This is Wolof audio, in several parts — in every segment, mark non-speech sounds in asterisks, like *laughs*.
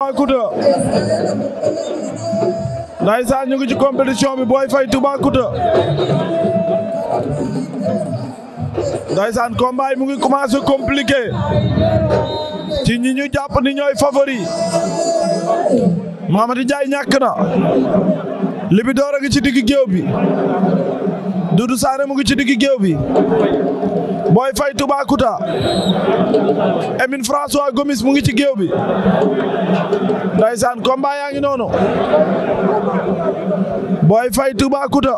Toubacouta ndaysaan ñu ngi ci compétition bi Boy Faye Toubacouta ndaysaan combat yi mu ngi commencé compliqué ci ñi ñu jàpp ni ñooy favori Mamady Ndiaye ñàkk na Libidor a ngi ci digg géew bi du Sané mu ngi ci digg géew bi Boy Faye Toubacouta Emine François Gomis mu ngi ci géew bi ndaysaan combat yaa ngi noonu Boy Faye Toubacouta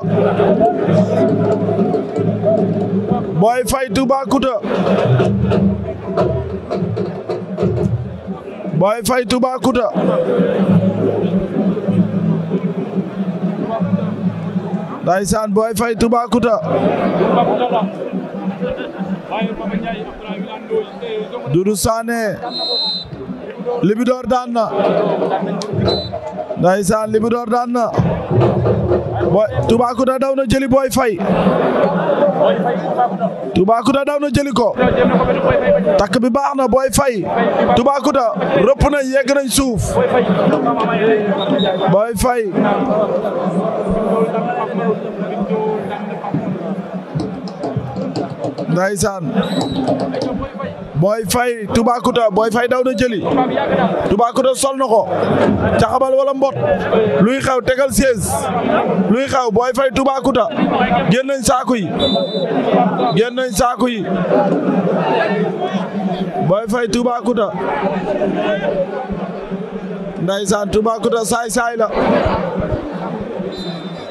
Boy Faye Toubacouta Boy Faye Toubacouta Doudou Sané Libidor daan na ndeysaan Libidor daan na boy Toubacouta daw na jëli Boy tubaaku Toubacouta daw na jëli ko takk bi baax na Boy Faye Toubacouta rëpp na yegg nañ suuf Boy Ndeysaan Boy Faye Toubacouta Boy booy daw na jëli Toubacouta sol na ko caxabal wala mbot luy xew tegal seize luy xaw booy Faye Toubacouta génn nañ saaku yi génn nañ saaku yi Boy Faye Toubacouta Ndeysaan Toubacouta saay saay la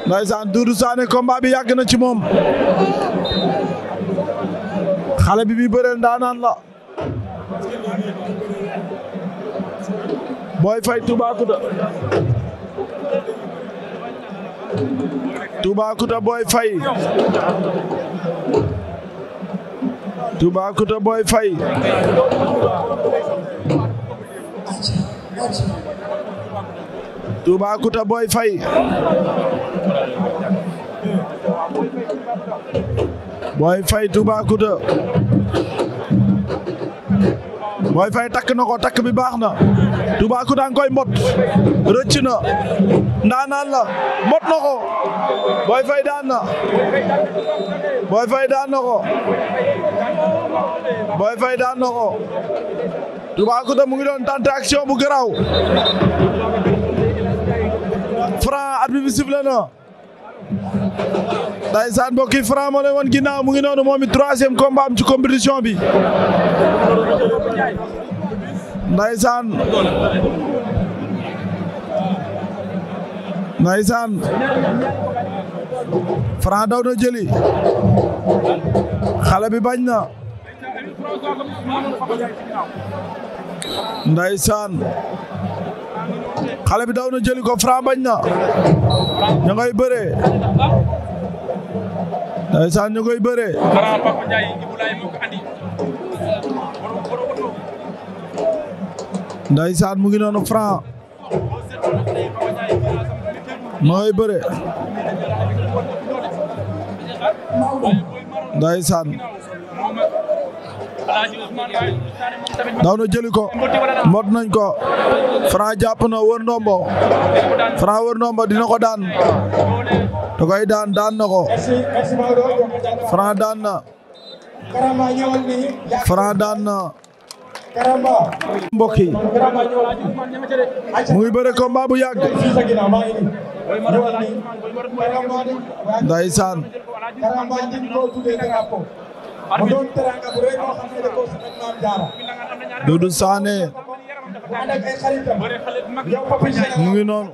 Ndeysaan Doudou Sané combat bi yàgg na ci moom xale bi muy bëreel ndaanaan la Boy Faye Toubacouta Toubacouta Boy Faye Toubacouta Boy Faye Toubacouta Boy Faye Boy Faye Boy Faye takk na ko takk bi baax na Toubacouta nga koy mbot rëcc na ndaanaan la na ko Boy Faye daan Boy Faye daan na ko Boy daan na ko Toubacouta mu ngi doon tenter bu garaaw Franc arbitre bi na Ndaysaan mbokk yi Franc moo leen woon ginnaaw mu ngi noonu moom it troisième combat am ci compétition bi. Ndaysaan. Ndaysaan. Franc daw na jëli. xale bi bañ na. Ndaysaan. xale bi daw na jëli ko Franc bañ na ñu ngay bëree ndeysaan ñu ngay bëree ndeysaan mu ngi noonu Franc mu ngay bëree ndeysaan daw na jëli ko mot nañ ko Franc jàpp na wër ndombo Franc wër ndombo dina ko daan da koy daan daan na ko Franc daan na Franc daan na mbokk yi muy bëre bu yàgg mu doon mu ngi noonu.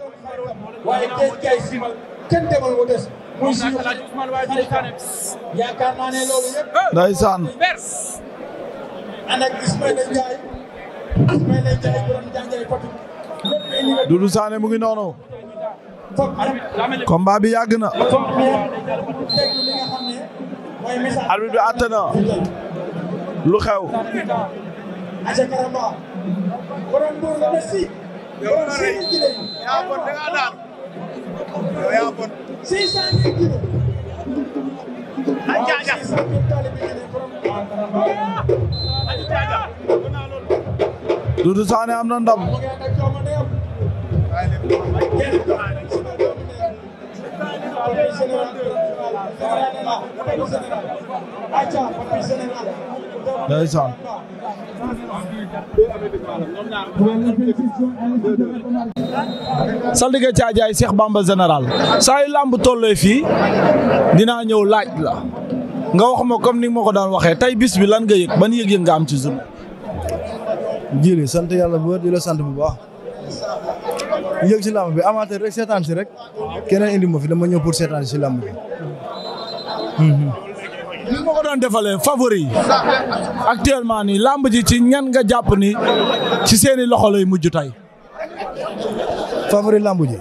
waaye tey mu ngi noonu. combat bi yàgg na. arbitre bi àtte na lu xew Doudou Sané am na ndam ndeysaan saldige caajaay Cheikh Bamba général saa yu làmb tollee fii dinaa ñëw laaj la nga wax ma comme ni moo ko daan waxee tey bis bi lan nga yëg ban yëg-yëg nga am ci zone sant yàlla bu wér di sant bu baax yëg si làmb bi amateur rek seetaan si rek keneen indi moo fi dama ñëw pour seetaan si lamb bi li ma ko doon defalee favori actuellement nii làmb ji ci ñan nga jàpp ni ci seeni loxo lay mujj tey. favori làmb ji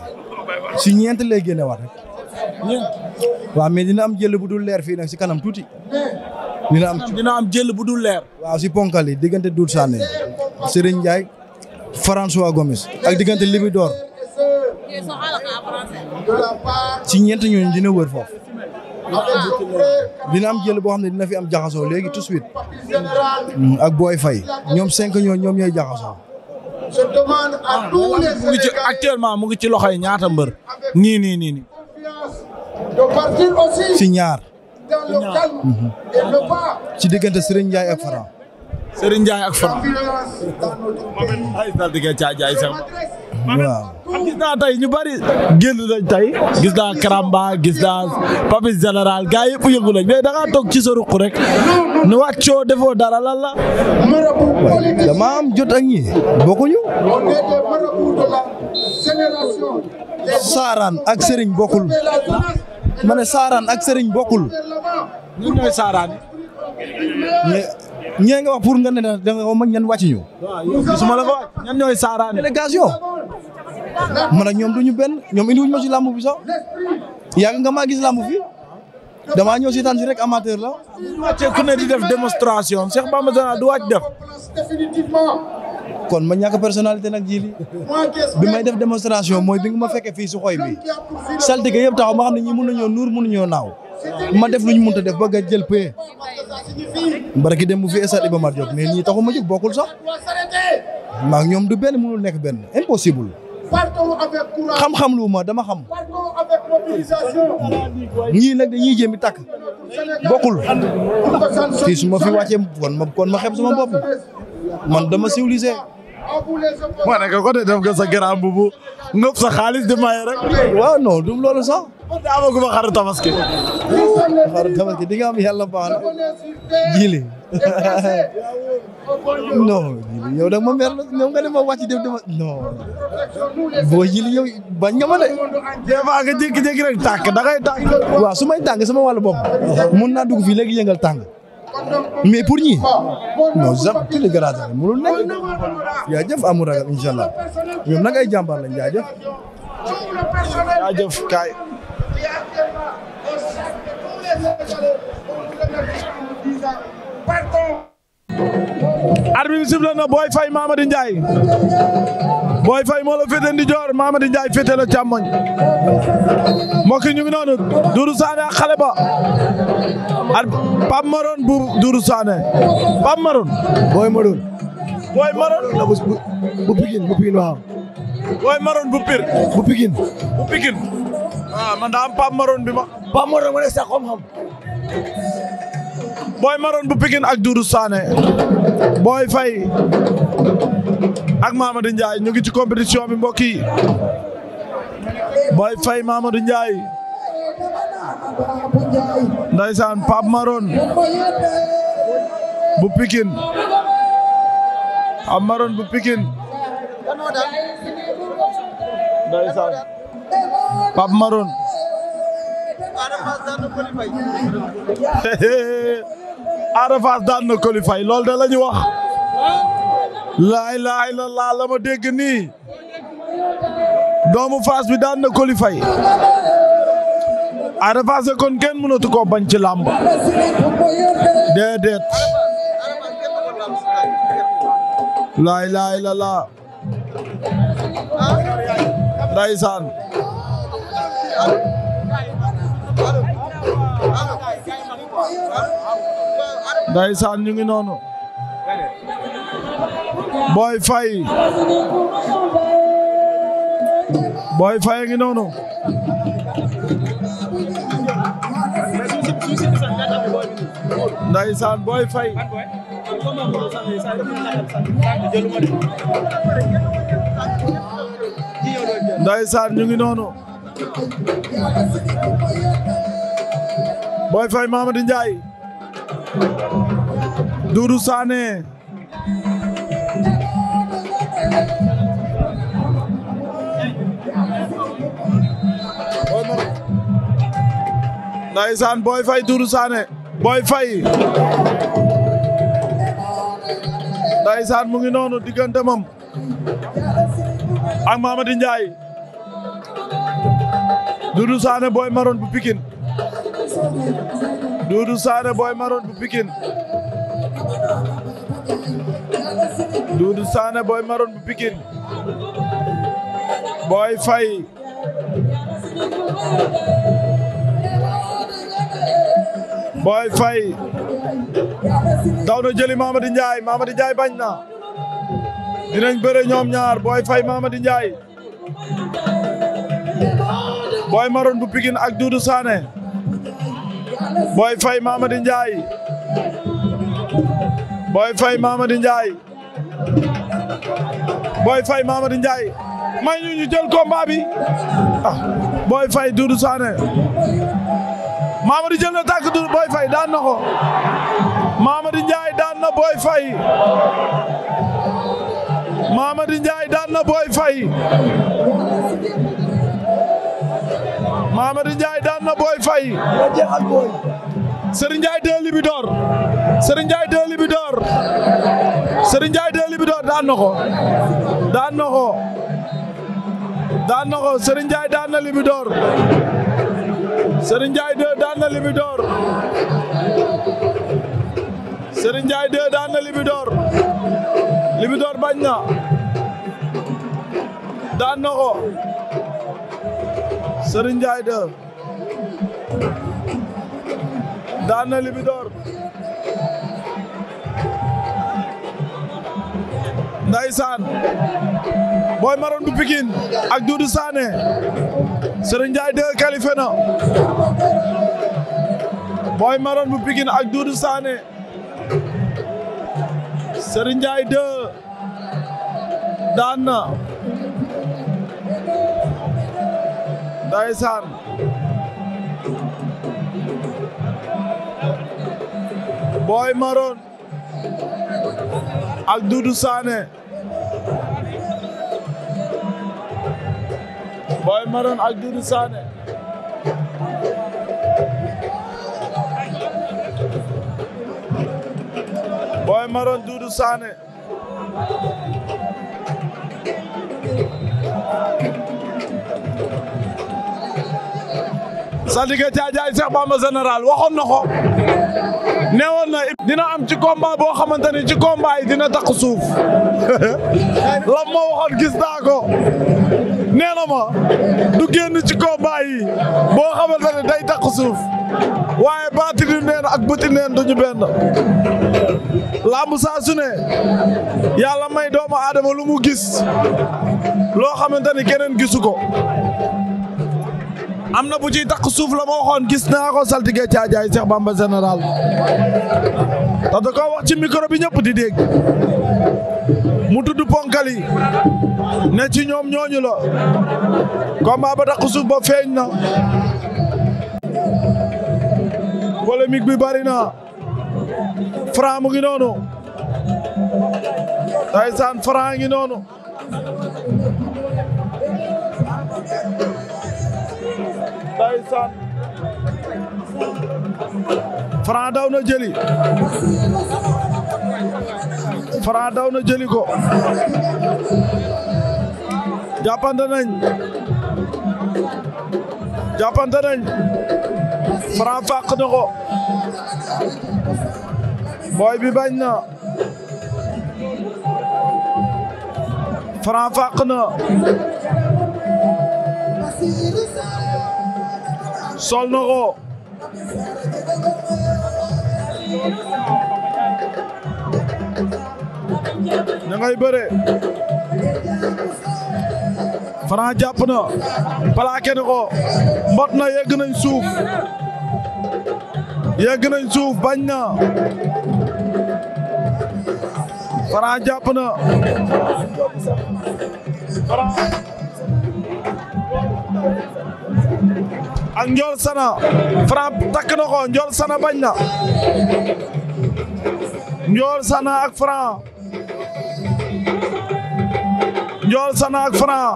si ñeent lay génne waat rek. ñeent. waaw mais dina am jël bu dul leer fii nag si kanam tuuti. dina am dina am jël bu dul leer. waa si ponkal yi diggante Doudou Sané Serigne Ndiaye François Gomis ak diggante Libidor. ci ñeent ñooñu dina wër foofu. Ah. dina am jël boo xam ne dina fi am jaxasoo léegi tout de suite mm, ak Boy Faye ñoom cinq ñoo ñoom ñooy jaxasoo. Ah, mu ngi ci actuellement mu ngi ci loxo loxoy ñaata mbër. nii nii nii nii. ñaar. ci diggante Serigne Ndiaye ak Franc. Serigne Ndiaye ak Franc. ay waaw gis naa tey ñu bari génn nañ tey gis naa Karamba gis naa Papis général gars yëpp yëngu nañ mais da ngaa toog ci sa ruq rek nu wàccoo defoo dara lan la. jot ak ñi bokkuñu. Saaraan ak Sëriñ bokkul. ma Saaraan ak Sëriñ bokkul. ñun ñooy Saaraan. ñee nga wax pour nga ne da nga ko mag ñan wàcc ñu. ma la ko wàcc ñan ñooy saaraan délégation. man ak ñoom duñu benn ñoom indiwuñu ma si làmb bi sax yàgg nga maa gis làmb fi damaa ñëw si tànn si rek amateur la. du wàccee ne di def démonstration Cheikh Bamba Diarra du wàcc kon ma ñàkk personnalité nag ji bi may def démonstration mooy bi nga ma fekkee fii si xoy bi saltige yëpp taxaw ma xam ne ñii mun nañoo nuur mun nañoo naaw. ma def lu ñu mënta def ba nga jël paie. barki dem bu fi Essa Iba Mar Diop mais ñii taxuma jóg bokkul sax maa ñoom du benn mënul nekk benn impossible. xam-xam lu ma dama xam. ñii nag dañuy jéem a tàkk. bokkul. fii su ma fi wàccee kon ma kon ma xeeb sama bopp man dama civilisé. ma nekk ko de def nga sa garaam bu bu sa xaalis di maye rek. waaw non du loolu sax. amaguma xaru tabaski. xaru tabaski di nga am yàlla baax na. jili. *laughs* non jili yow da nga ma mer ñoom nga def ma wàcc def dama non. boo jili yow bañ nga ma de. des fois nga jékki-jékki rek tànk da ngay tànk. waaw su may tànk sama wàllu bopp. mun naa dugg fii léegi yëngal tànk. mais pour ñi non sax ci li garaas la mënul nekk jaajëf amul ñoom nag ay jàmbaar lañ jaajëf qui est actuellement au sac de tous les Sénégalais pour nous remercier en nous disant pardon. arbitre bi la féete ndijoor Mamady Ndiaye féete la càmmoñ mbokk yi ñu ngi noonu xale ba ak bu Doudou Sané Pape Maroon Boy Maroon Boy Maroon bu bu Pikine bu Pikine bu Pire bu Pikine bu Pikine waaw ah, man daa am Pape ñu ngi ci compétition bi mbokk yi Boy Faye Mamadou Ndiaye ndaysaan Pape Maroon bu Pikine Pape Maroon bu Pikine ndaysaan Pape Maroon *laughs* Ada Fass daan na Coly Faye loolu de la wax laa ilaaha illallaah la ma dégg nii doomu Fass bi daan na Coly Faye Ada Fass kon kenn mënatu koo bañ ci làmb déedéet laa ilaaha illallaah ndeysaan Ndeysaan ñu ngi noonu Boy Faye Boy Faye ngi noonu Ndeysaan Boy ñu ngi noonu Boy Faye Mamadou Ndiaye Doudou Sané Ndeysaan Boy Faye Doudou Sané Boy Faye Ndeysaan mu ngi noonu diggante moom ak Mamadou Ndiaye Doudou Sané Boy Maroon bu Pikine Doudou Sané Boy bu Pikine Doudou Sané Boy Maroon bu Boy Faye Boy Faye daw na jëli Mamadi Ndiaye Mamadi Ndiaye bañ na dinañ bëre ñoom ñaar Boy Faye Mamadi Ndiaye Boy Maroon bu Pikine ak Doudou Sané Boy Faye Mamadi Ndiaye Boy Faye Mamadi Ndiaye Boy Faye Mamadi may ñu ñu jël combat bi ah Boy Faye Doudou Sané na tàkk Doudou Boy Faye daan na ko Mamadi Ndiaye daan na Boy Faye Mamadou Ndiaye daan na Boy Faye Serigne Ndiaye Libidor Serigne Ndiaye Libidor Serigne Ndiaye Libidor daan na daan na ko daan na Libidor Serigne Ndiaye daan na Libidor Libidor Libidor daan na sër Ndiaye 2 daan na Libidor Ndaysaan Boy Maron bu Pikine ak Doudou Sané Serigne Ndiaye 2 qualifié na Boy Maron bu Pikine ak Doudou Sané Serigne Ndiaye 2 daan na ndeysaan Boy Maroon ak Doudou Sané Boy sa diggante ak Ndiaye Cheikh Bamba général waxoon na ko newoon dina am ci combat boo xamante ni ci combat yi dina takk suuf *laughs* lam ma waxoon gis naa ko du génn ci combat yi boo xamante day takk suuf waaye baatini neen ak bëti neen duñu benn làmb saa su ne yàlla may doomu aadama lu mu gis loo xamante ni keneen gisu ko am na bu ci takk suuf la ma waxoon gis naa ko saltige caajaay Cheikh Bamba général te koo wax ci micro bi ñëpp di dégg mu tudd ponkali ne ci ñoom ñooñu la combat ba takk suuf ba feeñ na polémique bi bari na Franc mu ngi noonu Taysaan Franc ngi noonu ndeysaan Franc daw na jëli Franc daw na jëli ko jàppante nañ jàppante nañ Franc fàq na ko booy bi bañ na Franc fàq na sol na ko ña ngay bëre Franc jàpp na plaqué na ko mbot na yegg nañ suuf yegg nañ suuf bañ na Franc jàpp na ak Ndiol Sana Franc takk na ko Ndiol Sana bañ na Ndiol Sana ak Franc Ndiol Sana ak Franc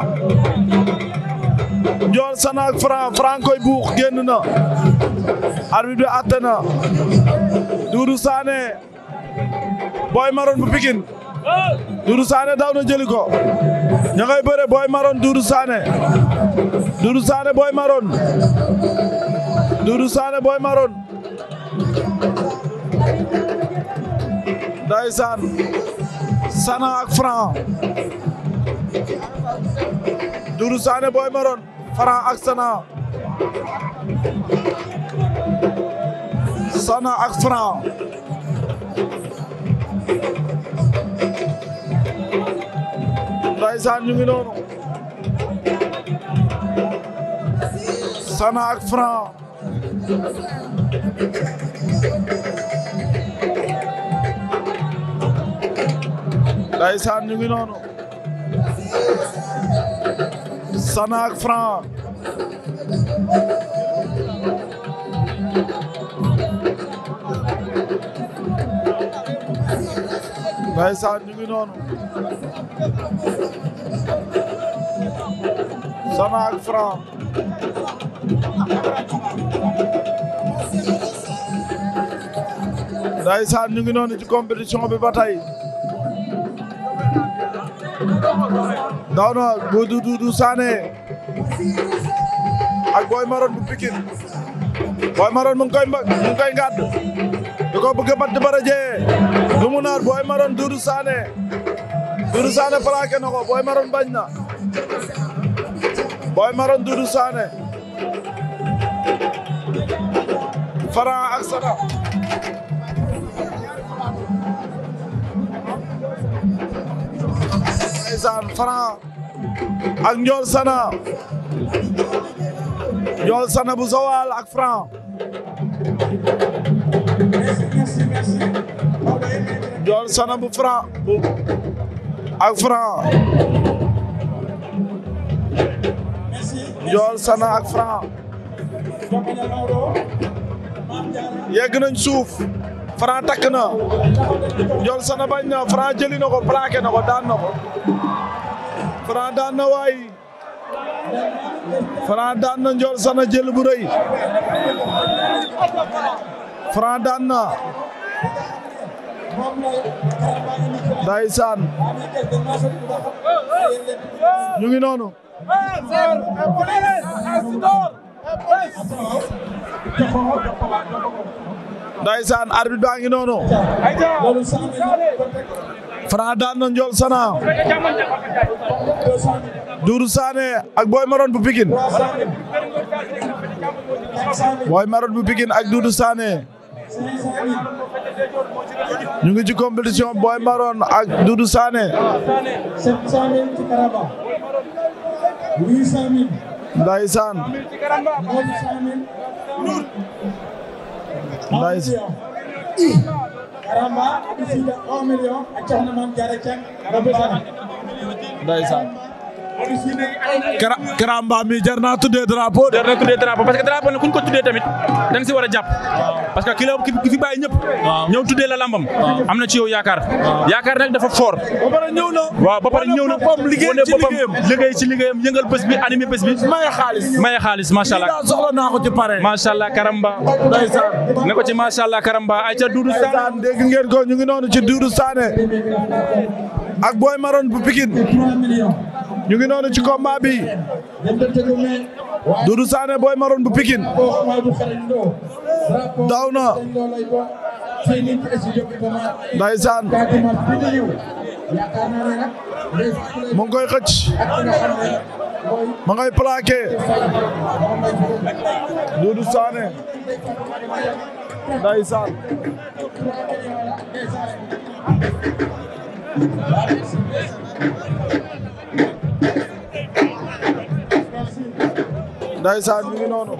Ndiol Sana ak Franc Franc koy buux génn na arbitre bi àtte na Doudou Sané Boy Maroon bu Pikine Doudou Sané daw na jëli ko ña ngay bëre Boy Maroon Doudou Sané Doudou Sané Boy Maroon Doudou Sané Boy booy ndeysaan Sana ak Franc Doudou ak Sana Ndeysaan ñu ngi noonu ñu ngi noonu Sana ak Ndeysaan ñu ngi noonu ci compétition bi ba tey daw na bu du Doudou Sané ak Boy Maroon bu mu ngi koy mu ngi koy ngàdd ko bëgg a batt bara naar Boy Maroon Doudou Sané Doudou Sané plaqué na ko Boy Maroon bañ na Boy Maroon Doudou Sané Franc ak Soda ndeysaan Franc ak Ndiol Sana Ndiol Sana bu Joal ak Franc Ndiol Sana bu Franc ak Franc Ndiol Sana ak Franc yegg nañ suuf Franc takk na Ndiol Sana bañ na Franc jëli na ko plaqué daan na ko daan na waay Franc daan na Ndiol Sana jël bu rëy daan na ndeysaan ñu noonu Ndeysaan arbitre baa ngi noonu. Franc daan na Ndiol Sana. Doudou Sané ak Boy Maroon bu Pikine. Boy Maroon bu Pikine ak Doudou Sané. ñu ngi ci compétition Boy Maroon ak Doudou Sané. Ndeysaan Ndeysaan Karamba isi da 1 million ak Soxna Kara Karamba mi jar naa tuddee drapeau. jar naa tuddee drapeau parce que drapeau ne ku ñu ko tuddee tamit dañ si war a jàpp. parce que kilo ki fi bàyyi ñëpp. ñëw tuddee la lambam. am na ci yow yaakaar. yaakaar nag dafa fort. ba pare ñëw na. waaw ba pare ñëw na wane boppam liggéey ci liggéeyam yëngal bés bi animé bés bi. maye xaalis maye xaalis macha allah. lii soxla naa ko ci pare. macha allah Karamba. ne ko ci macha allah Karamba ay ca Doudou Sané. dégg ngeen ko ñu ngi noonu ci Doudou Sané ak Boy Maroon bu Pikine ñu ngi noonu ci combat bi Doudou Sané Boy Maroon bu Pikine daw na ndaysaan mu ngi koy xëcc ma ngay plaqué Doudou Sané ndaysaan ndaysaan ñu ngi noonu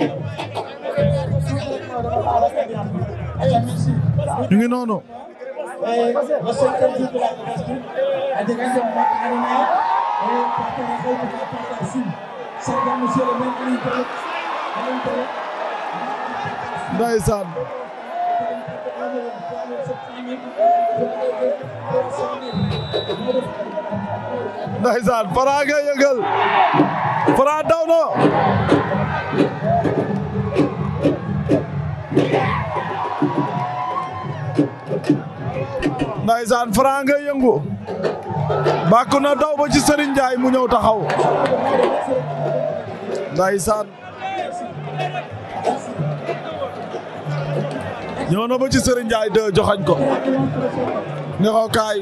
ñu noonu ndeysaan Franc ngay yëngal Franc daw na yëngu bàkk daw ba ci Serigne Ndiaye mu ñëw taxaw ndeysaan ñëw na ba ci Serigne Ndiaye de ne ko kaay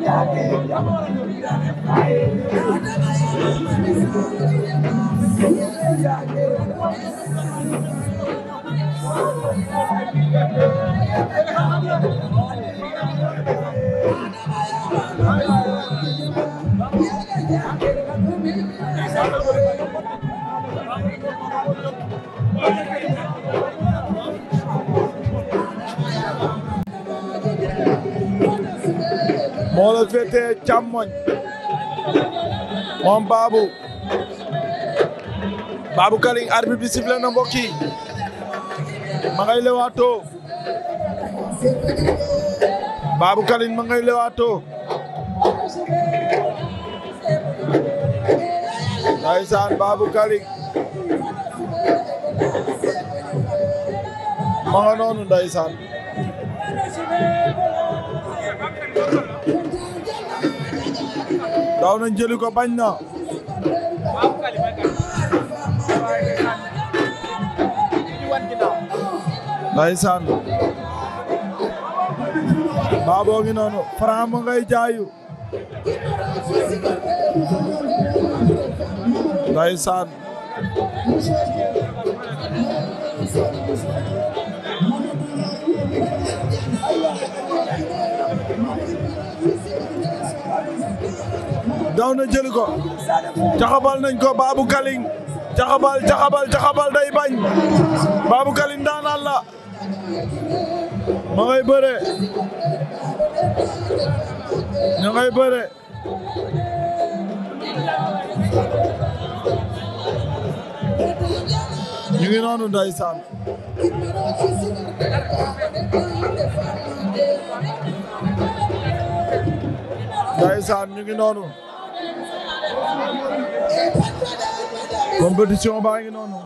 Yeah. càmmoñ moom Babou Babou Kaling arbitre bi sifflé na mbokk yi ma ngay lewaatoo Babou Kaling ma ngay lewaatoo ndeysaan Babou Kaling ma nga noonu daaw nañ ko bañ na ndeysaan baaboo ngi noonu Franc ngay jaayu ndeysaan daw na jëli ko caxabal nañ ko Babou Kaling caxabal caxabal caxabal day bañ Babou Kaling daanaan la ma ngay bëre ngay bëre ñu ngi noonu ndeysaan ndeysaan ñu ngi noonu compétition baa ngi noonu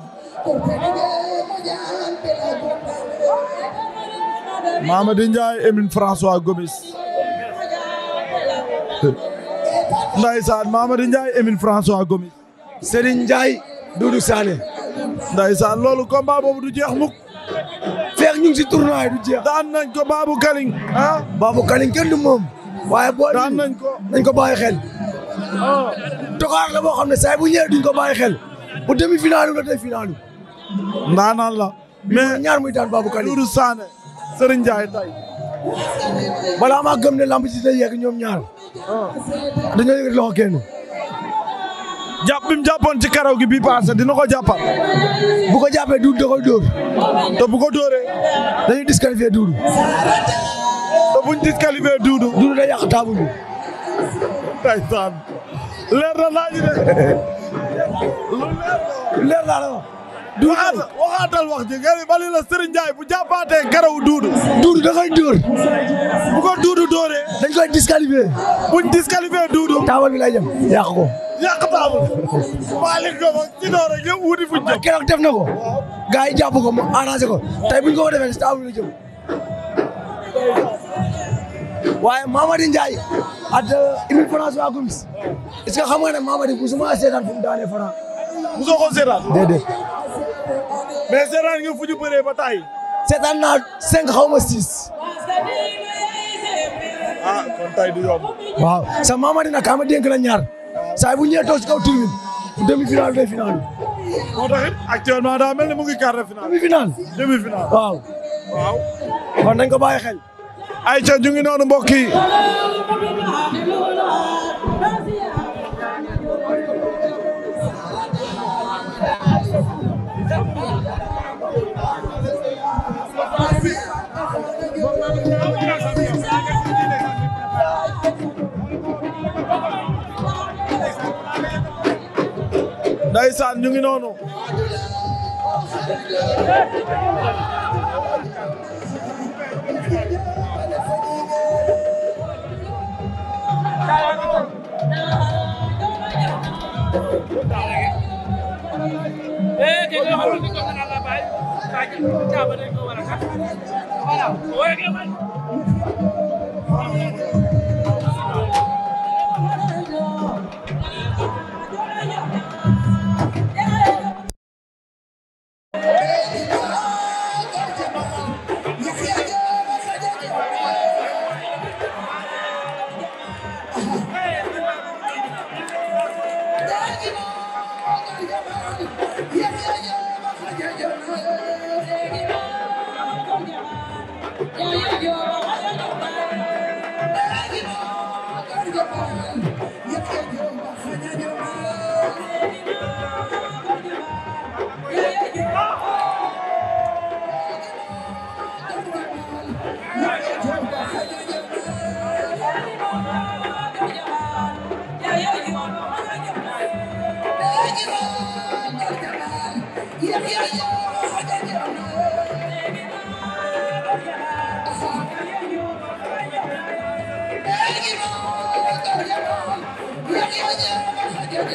Mamady Ndiaye Emine François Gomis ndaysaan Mamady Ndiaye Emine François Gomis Serigne Ndiaye Doudou Sané ndaysaan loolu combat boobu du jeex mukk feex ñu ngi si tournoi du jeex daan nañ ko Babou Kaling ah Babou Kaling kenn du moom waaye boo daan nañ ko nañ xel Oh. ar la boo xam ne saa bu ñëwee duñ ko bàyyi xel bu demi final la tey final. ndaanaan la. mais ñaar muy daan Babou Kane. Doudou Sané Serigne Ndiaye tey. balaa maa gëm ne lamb ci day ñoom ñaar. Oh. dañoo yëg loxo kenn. jàpp bi mu jàppoon ci karaw gi bii paase dina ko jàppal. bu ko jàppee Doudou da koy dóor. te bu ko dóoree. dañuy disqualifier Doudou. te buñ disqualifier yàq taabu bi. ndeysaan leer na laaj de lu leer na la waxaat waxaatal wax ji ngeen bali la Serigne Ndiaye bu jàppaatee garaw duudu duudu da koy dóor bu ko duudu dóoree dañ koy disqualifié buñ disqualifié duudu taabal bi lay jëm yàq ko yàq taabal maalik ko moom ci noonu rek yëpp wuti fuñ jëm keroog def na ko gars yi jàpp ko mu arrangé ko tey buñ ko ko defee taabal bi la jëm waaye Mamady Ndiaye at émi euh, waa Gomis est-ce que xam nga ne Mamady musuma seetaan fu mu daanee France. musoo ko seetaan. déedéet. mais seetaan nga fu ñu ba taay. seetaan naa cinq xaw ma six. ah kon tay du yomb. sa Mamady nag kama dénk la ñaar saa bu ñëwee toog si kaw turbin demi-finale daa mel ni mu ngi quart de finale. waaw. waaw kon nañ ko bàyyi ay ca ñu ngi noonu mbokk yi Ndeysaan ñu ngi noonu Voilà. Ouais, España.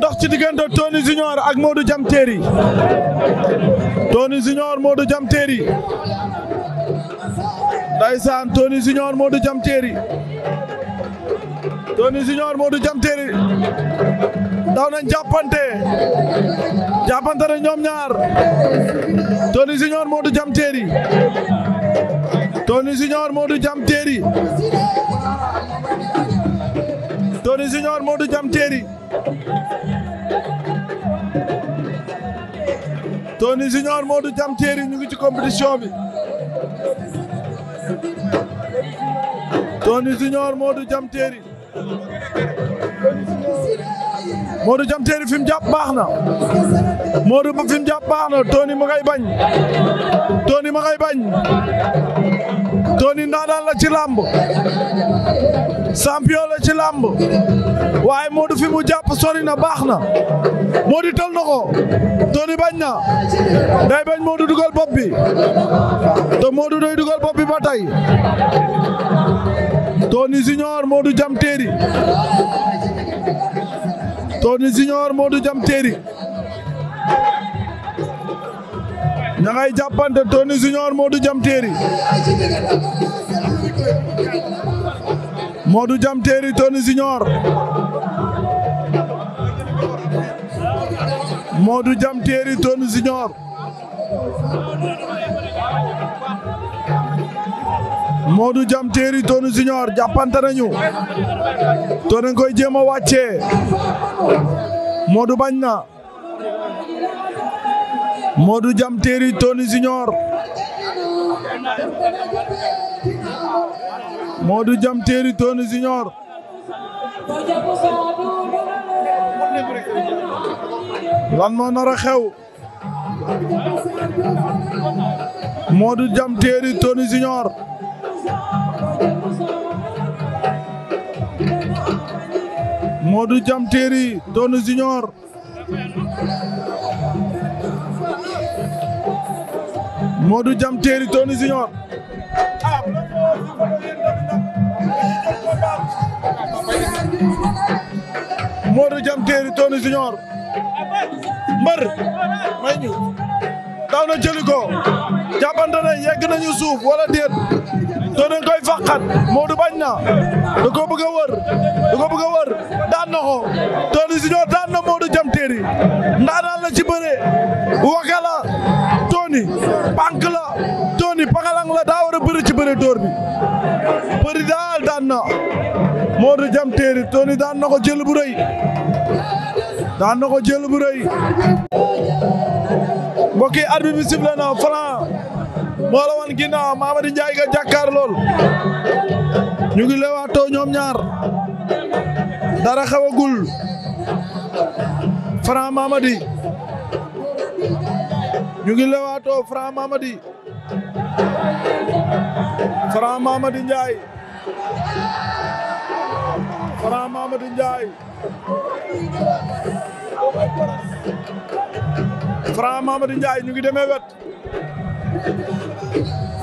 dox ci diggante Tony Junior ak Modou Jam Téeri Tony Junior Jam Téeri ndaysaan Tony Junior Modou Jam Téeri Tony Junior Modou Jam Téeri daw nañ jàppante jàppante na ñoom ñaar Tony Junior Modou Jam Téeri Tony Junior Modou Jam Téeri Tony Junior Modou Jam Téeri Tony Junior Modou Jam Téeri ñu ngi ci compétition bi Tony Junior Modou Jam Téeri Modou Jam Téeri fi mu jàpp baax na Modou fi mu jàpp baax na Tony ma bañ Tony ma bañ Tony ndaanaan la ci làmb champion la ci làmb waaye moodu fi mu jàpp sori na baax na Modou tël na ko bañ na day bañ Modou dugal bopp bi te Modou dugal bopp bi ba tey Tony Junior jam teeri Tony Junior jam teeri ña ngay jàppante Tony Junior Modou Jam Téeri Modou Jam Téeri Tony Junior Modou Jam Téeri Tony Junior Modou Jam Téeri Tony Junior jàppante nañu Tony koy jéem a wàccee Modou bañ na Modou Jam Téeri Tony Junior Modou Jam Téeri Tony Junior lan moo nar a Jam Téeri Tony Junior Modou Jam Téeri Tony Junior Modou Jam Téeri Tony Junior mbër may ñu jàppante na yegg nañu suuf wala déet te dañ koy faqat bañ na da ko bëgg a wër bëgg a wër daan na ko Tony Junior daan na Modou Jam Téeri ndaanaan la ci bëre waka la la Tony pangalang la daa war a bëri ci bëre dóor bi bëri daal daan na Modou Jam Téeri Tony daan na ko jël daan na ko jël mbokk yi arbitre bi sifflé na wan ginnaaw Mamady Ndiaye nga ñu ngi leewaatoo ñoom ñaar dara xewagul Franc Mamady ñu ngi leewaatoo Franc Mamady Franc Mamady Ndiaye Franc Mamady Ndiaye Franc Mamady Ndiaye ñu ngi demee wet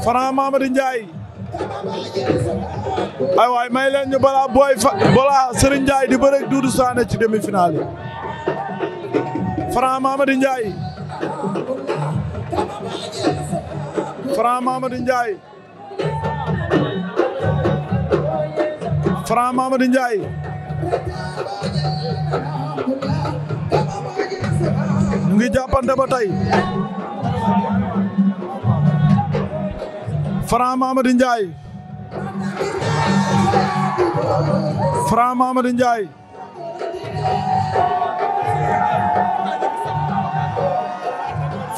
Franc Mamady Ndiaye ay waay may ñu balaa booy balaa Serigne Ndiaye di bëreeg Doudou Sané ci demi-finale yi Franc Mamady Ndiaye mu ngi jàppante ba tey Franc Mamady Ndiaye Franc Mamady Ndiaye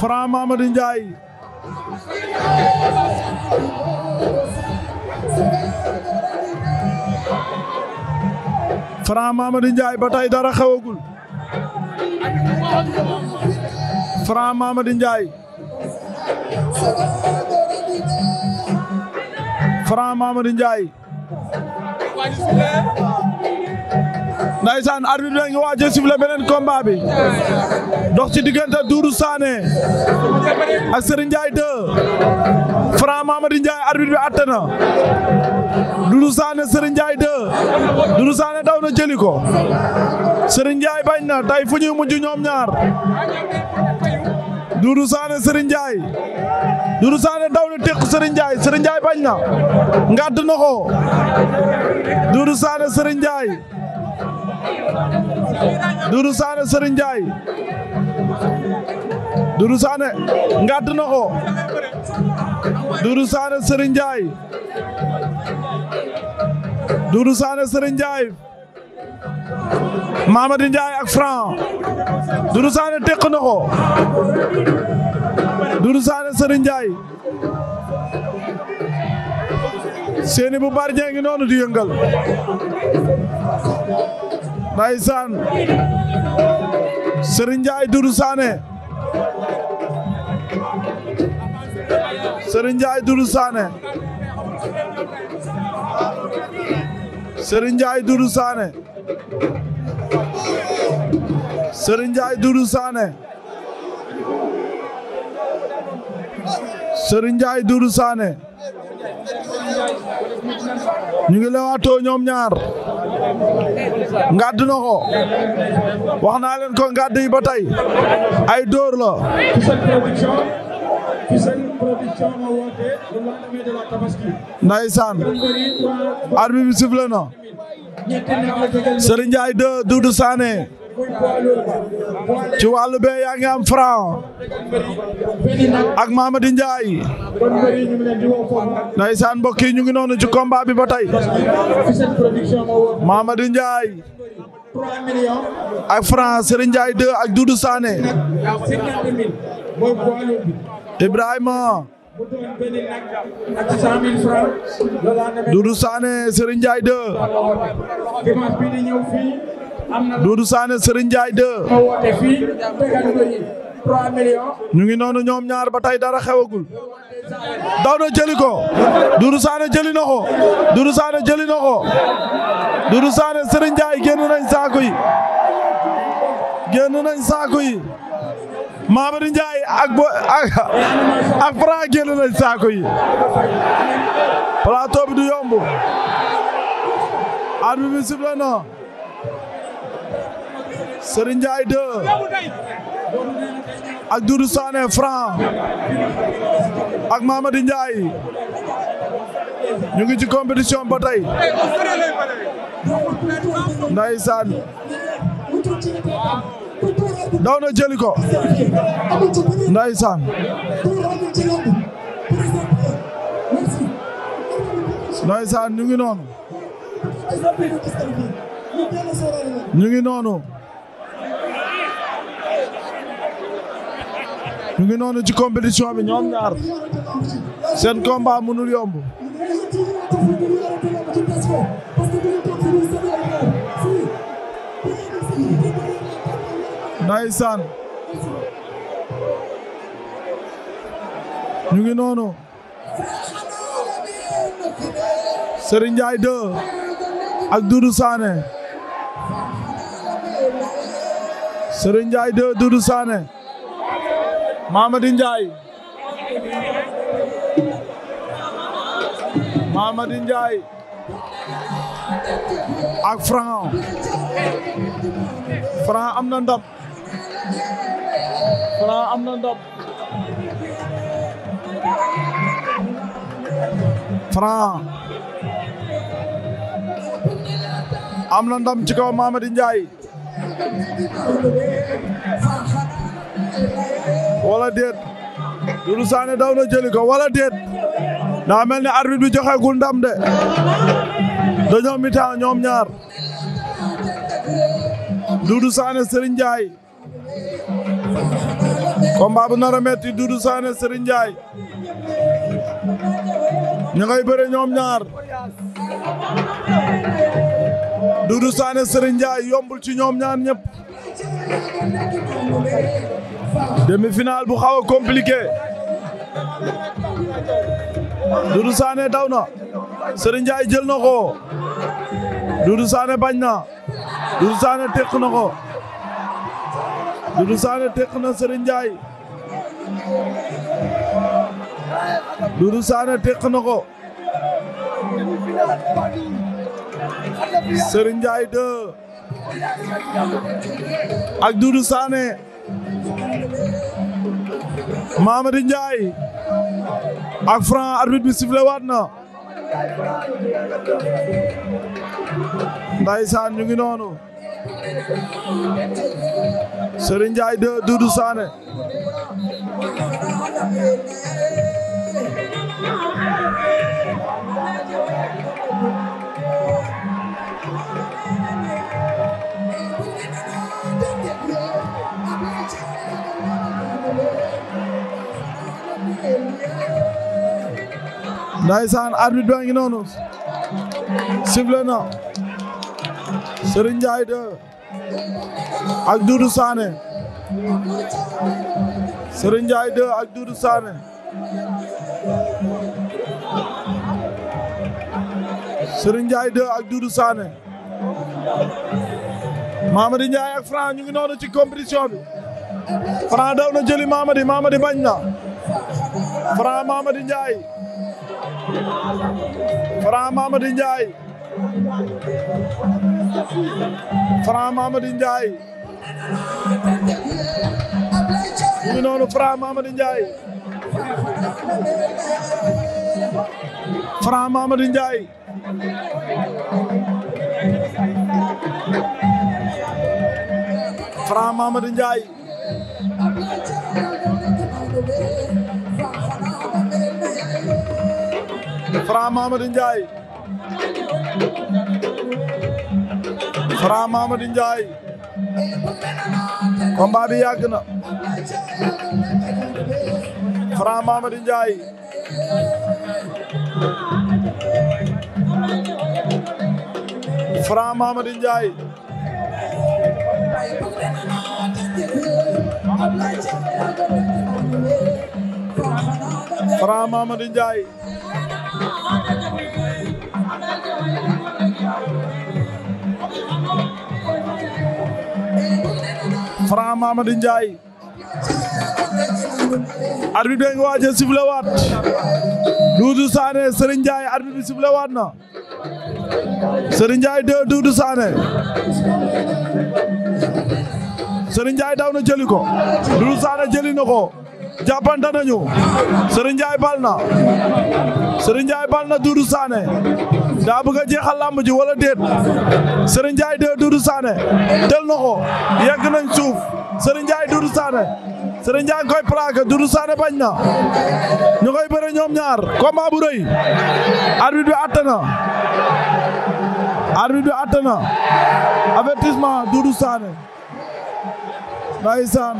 Franc Mamady Ndiaye Franc Mamady dara xewagul Franc Mamady Ndiaye Franc Mamady Ndiaye Ndaysaan arbitre bi ngi waaj a siffler beneen combat bi dox ci diggante Doudou Sané ak Serigne Ndiaye 2 Franc Mamady Ndiaye Doudou Sané Serigne Ndiaye 2 Doudou daw na jëli ko Serigne bañ na tey fu ñuy mujj ñoom ñaar Doudou Sané Serigne Ndiaye Doudou daw na tekk Serigne Ndiaye bañ na ngàdd na ko Doudou Sané Serigne Ndiaye Doudou Sané Serigne Ndiaye Doudou Sané ngàdd na ko Doudou Sané Serigne Doudou Sané Serigne Ndiaye Mamadi Ndiaye ak Franc Doudou Sané teq na ko Doudou Sané Serigne Ndiaye bu bar jeengi noonu di yëngal ndeysaan Serigne Ndiaye Doudou Sané Serigne Ndiaye Doudou Serigne Ndiaye Doudou Sané Serigne Ndiaye Doudou Sané Serigne Ndiaye Doudou Sané ñu ngi lewaatoo ñoom ñaar ngàdd na ko wax naa leen ko ngàdd yi ba tey ay dóor la production la woote le lendemain de la tabaski. Ndeysaan. arbitre ci wàllu bee yaa ngi am franc. ak Mamadi Ndiaye. Ndeysaan mbokk yi ñu ngi noonu ci combat bi ba tey. Mamadi 3 millions. ak franc Serigne Ndiaye 2 ak Doudou Sané. Ibrahima. Doudou Sané Serigne Ndiaye 2. Doudou Sané Serigne Ndiaye 2. ñu ngi noonu ñoom ñaar ba tay dara xewagul daw na jëli ko Doudou Sané jëli na ko Doudou jëli na ko Doudou Sané Serigne Ndiaye génn génn nañ saako yi Mamadou Ndiaye ak bo ak ak Franc génn nañ saako yi plateau bi du yomb arbitre bi sifflé na Serigne Ndiaye 2 ak Doudou Sané Franc ak Mamadou Ndiaye ñu ngi ci compétition ba tey daw na jëli ko saan ndeysaan ñu ngi noonu ñu ngi noonu ñu ngi noonu ci compétition bi ñoom ñaar seen combat mënul yomb Ndeysaan ñu ngi noonu Serigne Ndiaye 2 ak Doudou Sané Serigne Ndiaye 2 Doudou Sané Mamadi Ndiaye Mamadi Ndiaye ak Franc Franc am na ndam Franc am na ndam Franc am na ndam ci kaw Mamady Ndiaye wala déet Doudou Sané daw na ko wala déet daa mel ni arbitre bi joxeegul ndam de dañoo mitaa ñoom ñaar Doudou Sané Serigne Ndiaye combat bu nar a metti Doudou Sané Serigne Ndiaye ñu bëre ñoom ñaar Doudou Sané Serigne yombul ci ñoom ñaar ñëpp demi-finale bu xaw a compliqué Doudou Sané daw na Serigne Ndiaye jël na ko Doudou Sané bañ na Doudou Sané tekk na ko Doudou Sané teq na Serigne Ndiaye Doudou Sané teq na ko Serigne Ndiaye 2 ak Doudou Sané Mamadi Ndiaye ak Franc arbitre bi sifflé waat na Ndeysaan ñu ngi noonu Serigne Ndiaye 2 Doudou Sané Ndaysaan arbitre na Serigne Ndiaye 2 ak Doudou Sané Serigne Ndiaye 2 ak Doudou Sané Serigne Ndiaye 2 ak Doudou Sané Mamadi Ndiaye ak Franc ñu ngi noonu ci compétition bi Franc daw na jëli Mamadi Mamadi bañ na Franc Mamadi Ndiaye Franc Mamady Ndiaye mu ngi noonu Franc Mamady Franc Mamady Ndiaye combat bi yàgg na Franc Franc Mamady Ndiaye arbitre bi ngi waaj a waat Doudou Sané Serigne Ndiaye arbitre bi sifflé waat na Serigne Ndiaye de Doudou Sané Serigne Ndiaye daw na jëli ko Doudou Sané jëli na ko jàppante nañu Serigne Ndiaye bal daa bëgg a jeexal làmb wala déet Serigne Ndiaye de Doudou Sané tel na ko yegg nañ suuf Serigne Ndiaye Doudou Sané Serigne Ndiaye koy plaqué Doudou Sané bañ na ñu koy ñoom ñaar combat bu rëy arbitre bi atte na arbitre bi atte na avertissement Doudou Sané ndeysaan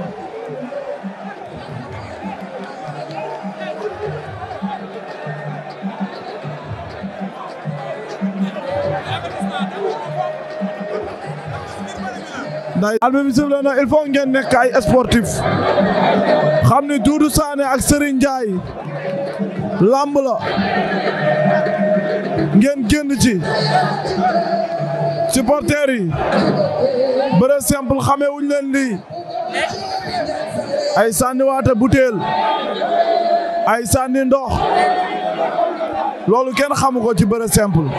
arbitre bi sifflé il faut ngeen nekk ay sportif xam ni Doudou Sané ak Serigne njaay lamb la ngeen génn ci supporters yi bëre simple xamee wuñ leen lii ay sànniwaate butéel ay sànni ndox loolu kenn xamu ko ci bëre simple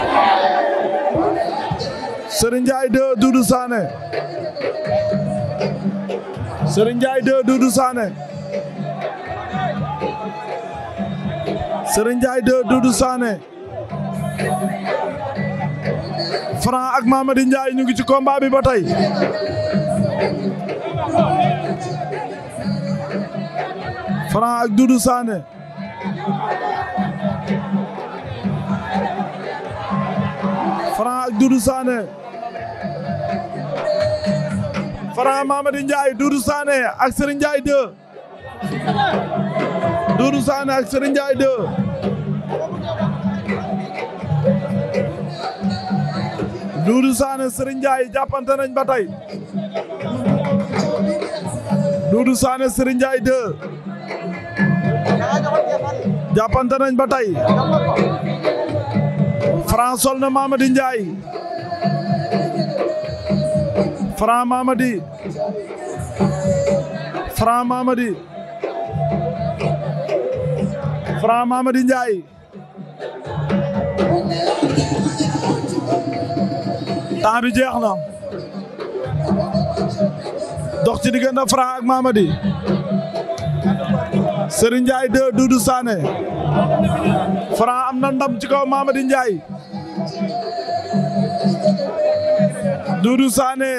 Serigne Ndiaye 2 Doudou Sané Serigne Ndiaye 2 Doudou Sané Serigne Ndiaye 2 Doudou Sané ak Mamady Ndiaye ñu ngi ci combat bi ba tey Franc ak Doudou Sané Franc ak Doudou Sané Franc Mamady Ndiaye Doudou Sané ak Serigne Ndiaye 2 Doudou Sané ak Serigne Ndiaye 2 Doudou Sané Serigne jàppante nañ ba tey Doudou Sané Serigne Ndiaye nañ ba tey Franc sol na Mamady Ndiaye Franc Mamady Franc Mamady Franc Mamady Ndiaye temps bi jeex na dox ci diggante Franc ak Mamady Serigne Ndiaye 2 Doudou Sané Franc am na ndam ci kaw Mamady Ndiaye Doudou Sané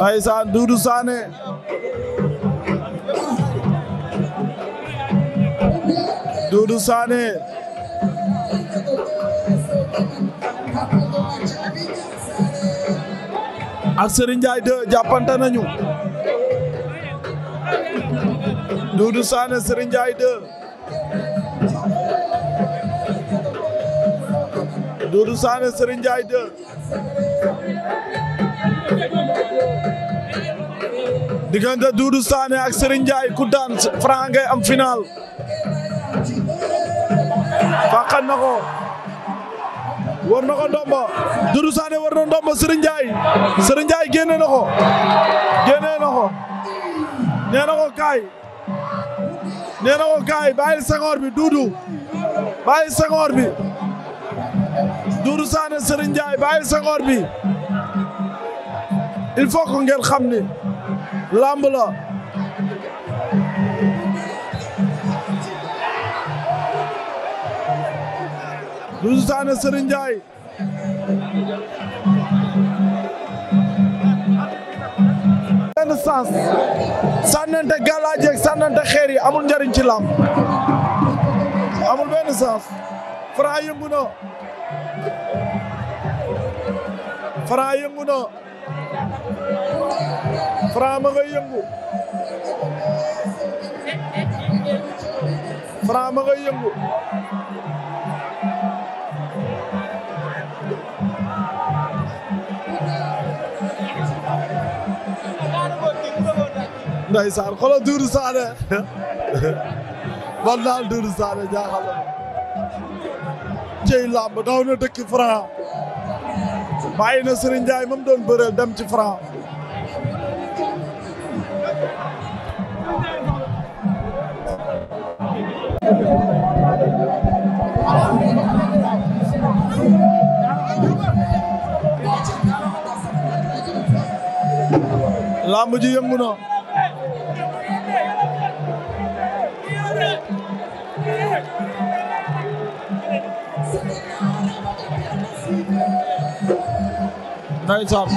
ndeysaan Doudou Sané Doudou Sané ak Serigne Ndiaye 2 jàppante nañu Doudou Sané Serigne Ndiaye 2 Doudou Sané Serigne Ndiaye 2 diggante ak Serigne ku daan Franc ngay am final faqan na ko war na ko ndomba Doudou war na ndomba Serigne Ndiaye Serigne Ndiaye génne na ko génne nee na ko kaay nee na ko kaay bi duudu bàyyil sangoor bi duudu saane sëriñ Njaay bàyyil sangoor bi il faut que xam ni làmb la duudu saane sëriñ sens sànnante gàllaaj ak sànnante xeer yi amul njariñ ci làmb amul benn sens Franc yëngu na Franc yëngu na Franc ma nga ndeysaan xoolal Doudou Sané man daal Doudou Sané dëkk Franc bàyyi na Serigne Ndiaye moom doon bëreel dem ci Franc lamb ji yëngu na Ndeysaan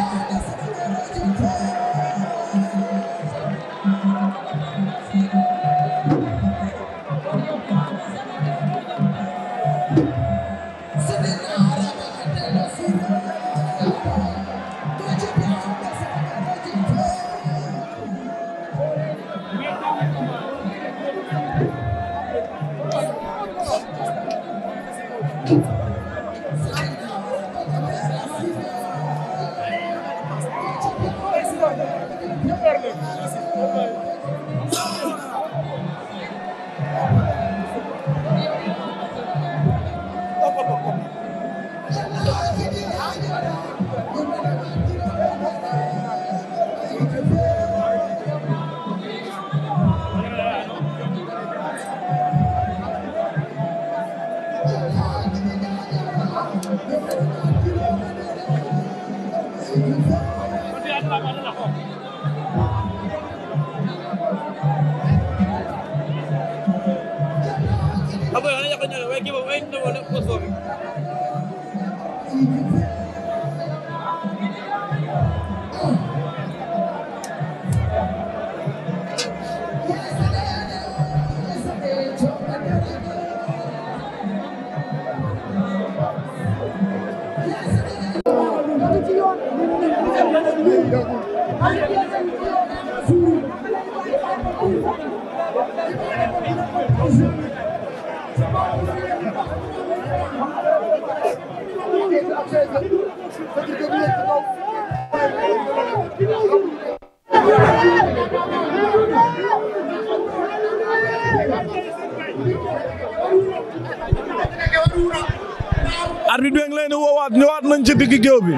ci digg géew bi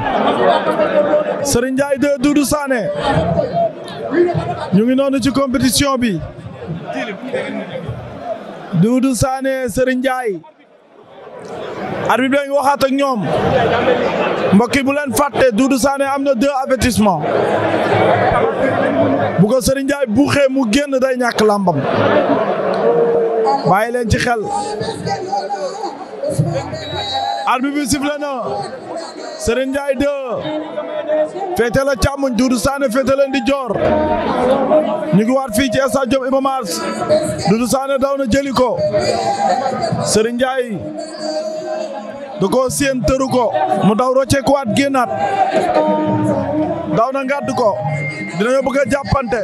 Serigne Ndiaye de ñu ngi noonu ci compétition bi Doudou Sané Serigne Ndiaye arbitre bi ngi waxaat ak ñoom mbokk yi bu leen fàtte Doudou Sané am na deux avertissement bu ko Serigne Ndiaye buuxee mu génn day ñàkk làmbam bàyyi leen ci xel arbitre bi Serigne Ndiaye 2 féete la càmmoñ Doudou Sané féete la ñu ngi waat fii ci stade Diop Iba Mar Doudou Sané daw na jëli ko Serigne Ndiaye da koo mu daw rocceekuwaat génnaat daw na ngàdd ko dinañu bëgg a jàppante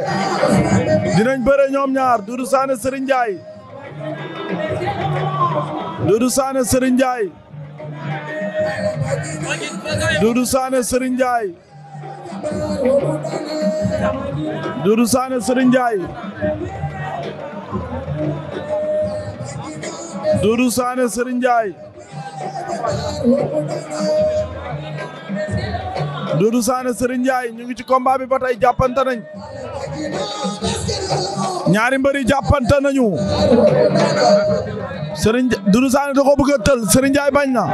dinañ bëre ñoom ñaar Doudou Sané Serigne Ndiaye Doudou Sané Serigne Ndiaye Doudou Sané Serigne Ndiaye Doudou Sané Serigne Ndiaye Doudou Sané Serigne Ndiaye Doudou Sané Serigne ñu ngi ci combat bi ba tey jàppante nañ ñaari mbëri jàppante nañu Serigne Doudou Sané da bëgg a tël Serigne na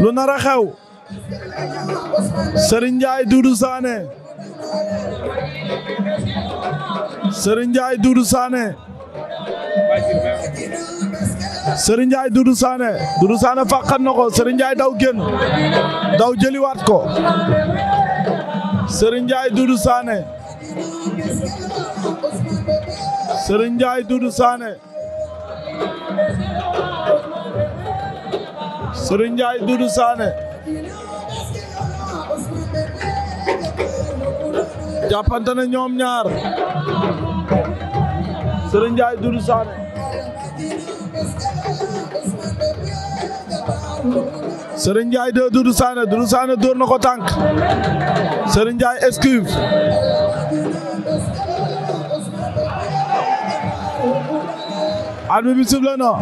lu nar a xew Serigne Ndiaye Doudou Sané Serigne Ndiaye Doudou Serigne Ndiaye Doudou Sané Doudou Sané fàqan ko Serigne daw génn daw jëliwaat ko Serigne Ndiaye Doudou Sané Serigne Ndiaye Doudou Sané Serigne Ndiaye Doudou Sané ñoom ñaar Serigne Ndiaye Doudou Sané Serigne Ndiaye de Doudou Sané Doudou Sané dóor na ko tànk Serigne Ndiaye esquive arbitre bi sifflé na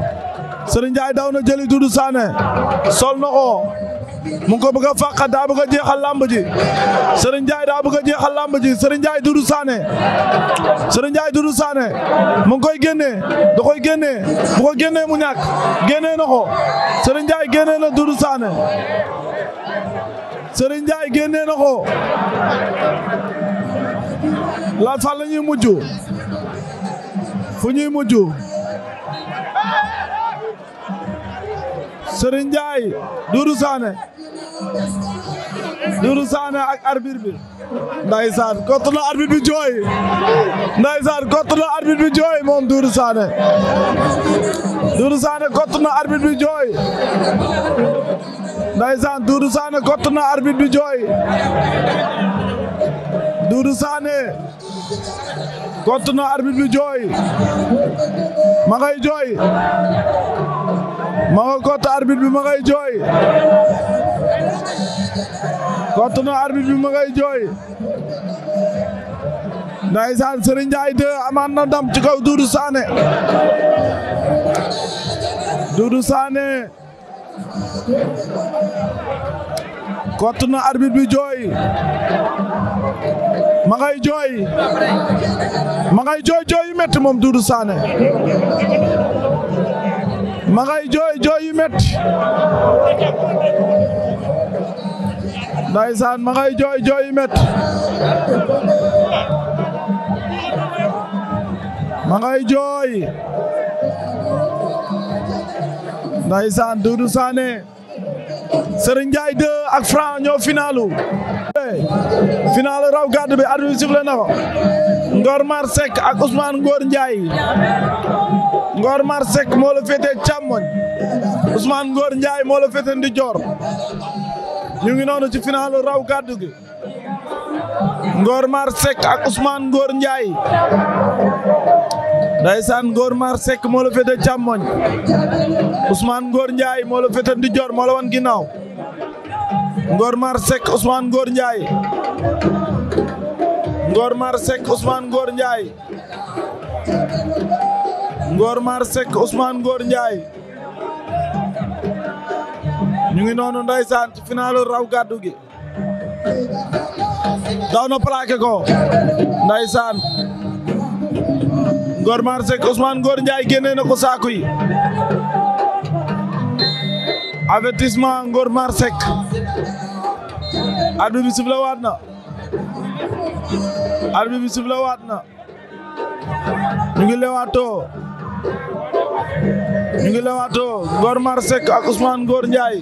Ndiaye daw na jëli Doudou sol mu ngi ko bëgg a fàqat daa bëgg a jeexal lamb ji Serigne Ndiaye daa bëgg ji Serigne Ndiaye Doudou Sané Serigne Ndiaye Doudou Sané mu ngi koy génnee da koy génnee bu ko génnee mu ñàkk génnee na ko Serigne Ndiaye génnee na Doudou Sané Serigne Ndiaye génnee na ko la fan la Serigne Ndiaye Doudou Sané Doudou Sané ak arbitre bi ndeysaan kott na arbitre bi jooy ndeysaan kott na arbitre jooy moom Doudou Sané Doudou Sané kott na arbitre jooy ndeysaan Doudou Sané kott na na arbitre jooy ma jooy ma nga kott arbitre bi ma ngay jooy kott na arbitre bi ma ngay jooy ndaysaan Serigne Ndiaye 2 amaan na ndam ci kaw Doudou Sané Doudou Sané kott na arbitre bi jooy ma ngay jooy ma ngay jooy jooy yu metti moom Doudou Sané ma ngay jooy jooy yu metti ndaysaan ma ngay jooy jooy yu metti ma ngay jooy ndaysaan Doudou Sané Serigne Ndiaye 2 ak Franc ñoo finalu raw gàddu bi arbitre bi sifflé na ko Ngor Mar Seck ak usmaan ngoor Ndiaye ngoor Mar Seck moo la féetee càmmoñ ngoor Ngor moola moo la féetee ndijoor ñu ngi noonu ci finalu raw gàddu gi Ngor Mar Seck ak Ousmane Ngor Ndiaye ndaysaan ngoor Mar Seck moo la féete càmmoñ Ousmane Ngor Ndiaye moo la féete ndijoor wan ginnaaw Ngor Mar Seck Ousmane ngoor Ndiaye Ngor Mar Seck Ousmane Ngor Ndiaye Mar Seck Ousmane Ngor Ndiaye ñu ngi noonu nday ci finalu raw gàddu gi daw na plaqué ko ndaysaan Ngor Maar Seck Ousmane Ngor Ndiaye génne na ko saako yi avertissement Ngor Maar Seck arbitre bi sifle waat na arbitre bi sifle waat na ñu ngi lewaatoo ñu ngi lewaatoo Ngor Maar ak Ousmane Ngor Ndiaye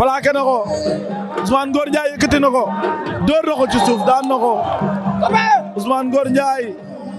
plaqué na ko Ousmane Ngor Ndiaye yëkkati na ko dóor na ko ci suuf daan na ko Ousmane Ngor Ndiaye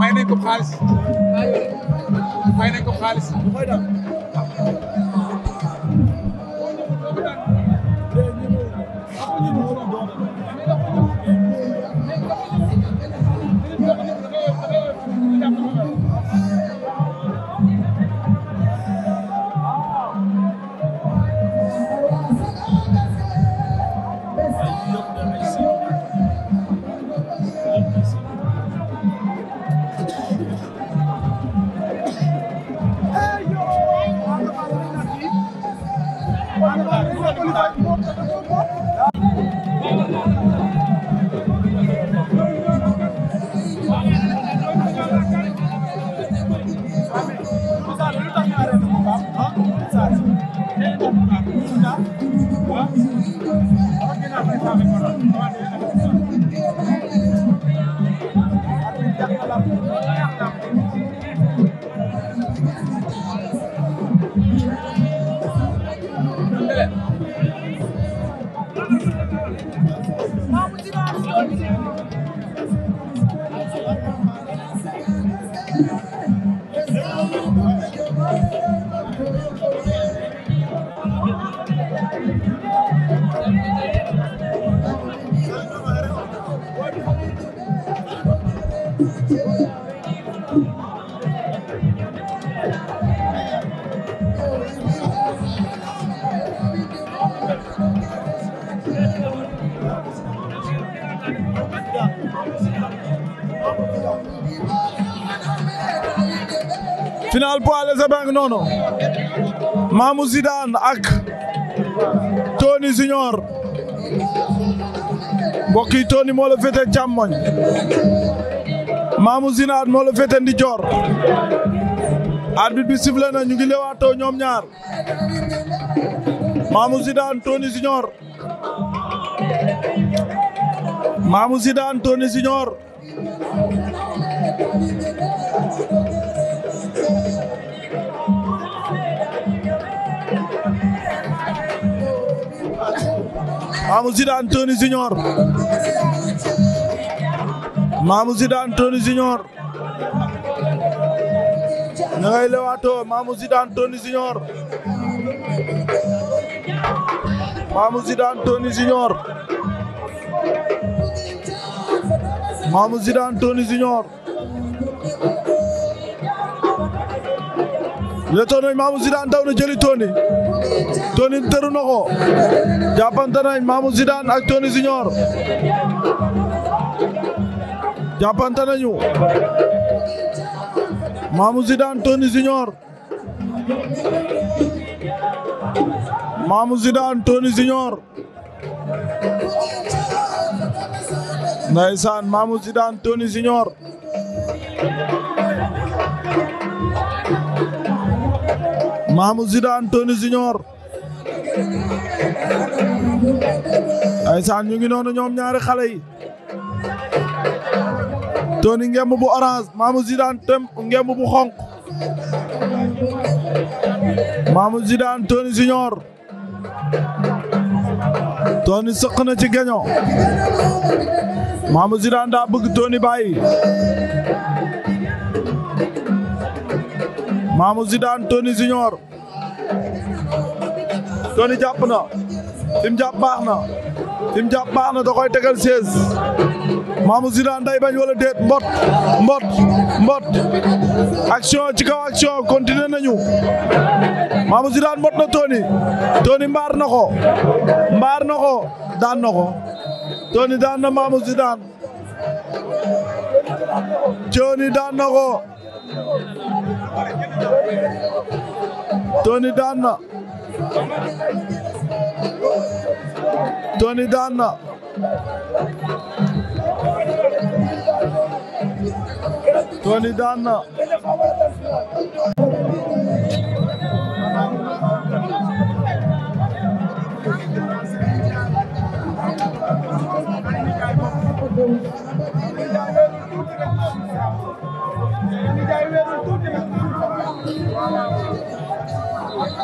may nañ ko xaalis may nañ ko xaalis Jaxase baa ngi noonu Mamou Zidane ak Tony Junior mbokk yi Tony féete càmmoñ Mamou Zidane moo la féete ndijoor arbitre bi sifflé na ñu ngi lewaatoo ñoom ñaar Mamou Zidane Tony Junior Mamou Zidane Tony Junior Mamou Zida Anthony Junior Mamou Zida Anthony Junior ña ngay lewaatoo Mamou Zida Anthony Junior Mamou Zida Anthony Junior Mamou Zida Anthony Junior le toon Mamou Zida daw na jëli tooni Tony tëru na ko jàppante nañ Mamou ak Tony Junior jàppante nañu Mamou Zidane Tony Junior Mamou Zidane Tony Junior Ndeysaan Mamou ay Ndeysaan ñu ngi noonu ñoom ñaari xale yi Tony ngemb bu orange Mamou Zidane tem ngemb bu xonq Mamou Zidane Tony Junior Tony sëq na ci geño Mamou Zidane daa bëgg Tony bàyyi Mamou Zidane Tony Junior Tony jàpp na fi mu jàpp baax na fi mu jàpp na da koy tegal seize Mamou Zidane day bañ wala déet mbot mbot mbot action ci kaw action continuer nañu Mamou Zidane mbot na Tony Tony mbaar na ko mbaar na ko daan na ko Tony daan na Mamou Zidane Tony daan na ko Tony daan na Tony daan na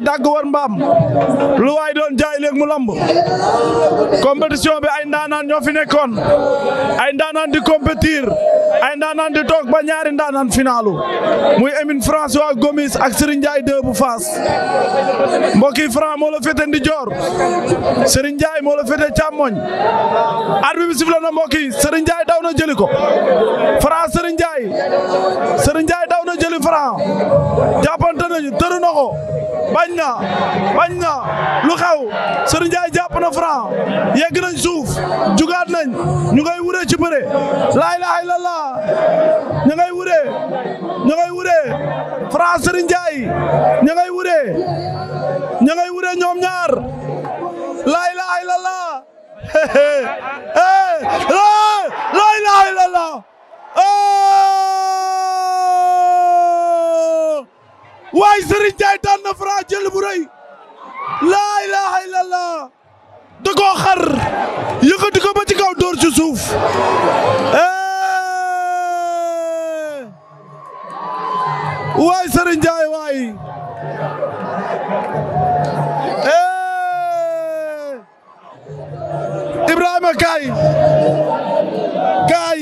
di dagg war mbaam lu waay doon jaay léegi mu lamb compétition bi ay ndaanaan ñoo fi nekkoon ay ndaanaan di compétir ay ndaanaan di toog ba ñaari ndaanaan finalu muy Emine François Gomis ak Serigne Ndiaye 2 bu Faas mbokki Franc moo la féete ndijoor Serigne Ndiaye moo la féete càmmoñ arbitre bi sifflé na mbokki Serigne Ndiaye daw na jëli ko Franc Serigne Ndiaye Serigne daw na jëli Franc nañu tëru na ko bañ na bañ na lu xew Serigne Ndiaye jàpp na Franc yegg nañ suuf jugaat nañ ñu ngay wuree ci bëre laa ilaaha illallah ñu ngay wuree ñu ngay wuree Franc Serigne Ndiaye ñu ngay wuree ñoom ñaar laa ilaaha illallah waay sër Ndiaye daan na Franc jël bu rëy laa ilaha illallah da koo xar yëkkati ba ci kaw dóor ci suuf eh! waay Serigne Ndiaye waay eh! Ibrahima kaay kaay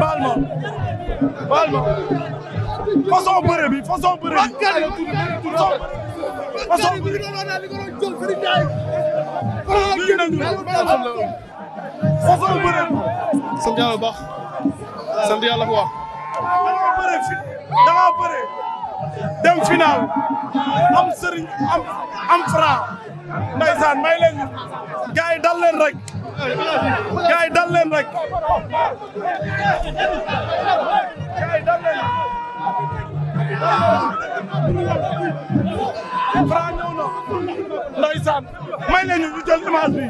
baal ma baal ma façon bëre bi façon bëre bi façon bëre bi sant yàlla bu baax sant yàlla bu baax danga bëre fi danga bëre dem final am sëriñ am am fra ndeysaan may leen gars yi dal leen rek gars yi dal leen rek Franc ñëw na ndeysaan may nañu ñu jël image bi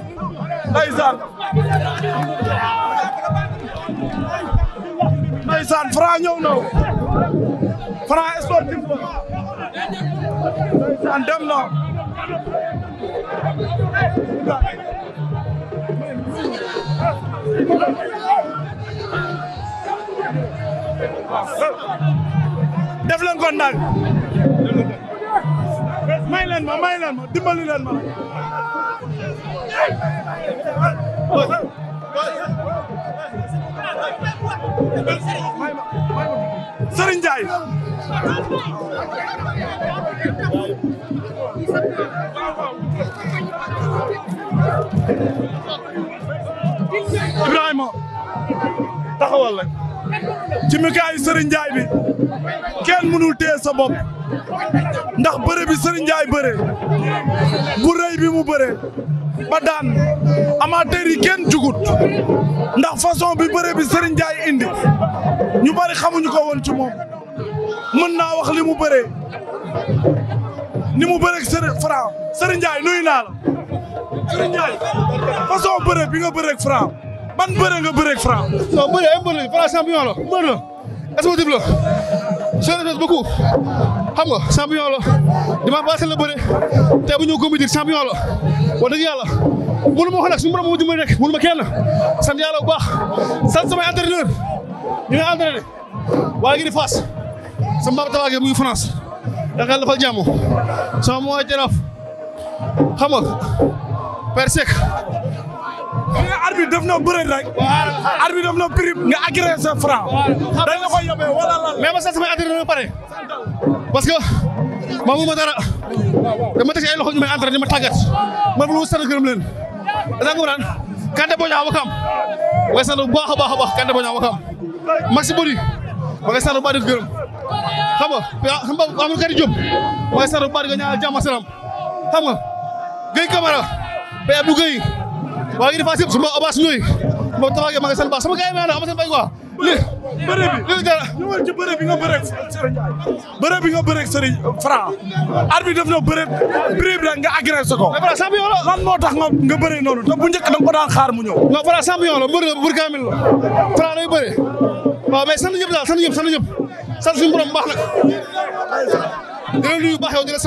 ndeysaan ndeysaan Franc ñëw na Franc sportif ndeysaan dem na def leen ko ndànk may leen ma may leen ma dimbali leen ma. Serigne Ndiaye. Ibrahima taxawal rek ci mikaayu bi. kenn mënul téye sa bopp ndax bëre bi Serigne Ndiaye bi mu bëre ba daan amateur yi kenn jugut ndax façon bi bëre bi Serigne indi ñu bari xamuñu ko woon ci moom mën naa wax li mu bëree ni mu bëreeg Serigne Franc Serigne Ndiaye nuyu naa la Serigne Ndiaye façon bëre bi nga bëreeg Franc ban bëre nga bëreeg Franc. non bëre ay mbër la Franc champion la mbër la sportif la. seen chose beaucoup xam nga champion la dimanche passé la bëre tey bu ñëw compétir champion la wax dëgg yàlla mënu ma ko nag suñu borom moo ma dimbali rek mënu ma kenn sant yàlla bu baax sant samay entraîneur ñu ngi entraîné waa ngi di Fass sama mbaa tabaage mu ngi France yaakaar dafal jàmm sama mooy jaraaf xam ma nga arbitre def na bëre nga agressé Franc. dañ la koy yóbbee wala lan pare parce que ma mu ma dara dama teg ay loxo ñu may entraîné ñu ma tàggat man bu ma sant gërëm leen. da nga naan Kante Boña Wakam ma ngi bu baax a baax a baax Kante Boña Wakam Bodi ma ngi sant bu baax gërëm xam nga xam nga amul ma ngi sant bu baax di nga ñaanal jàmm ak salaam xam nga Guèye waaye gi di Fass yëpp su ma Abass Ndoye moo tax ma nga seen baax sama gars yi ma ne am seen bay quoi li bëre bi li dara ñëwal ci bi nga bëre bëre bi nga bëre sëriñ Franc arbitre def na bëre bëre bi nag nga agressé ko mais Franc champion la lan moo tax nga bëre noonu te bu njëkk da nga ko daan xaar mu ñëw non Franc champion la mbër la mbër kaamil la Franc lay bëre waaw mais sant ñëpp daal sant ñëpp sant ñëpp sant suñu borom baax nag di la nuyu baax yow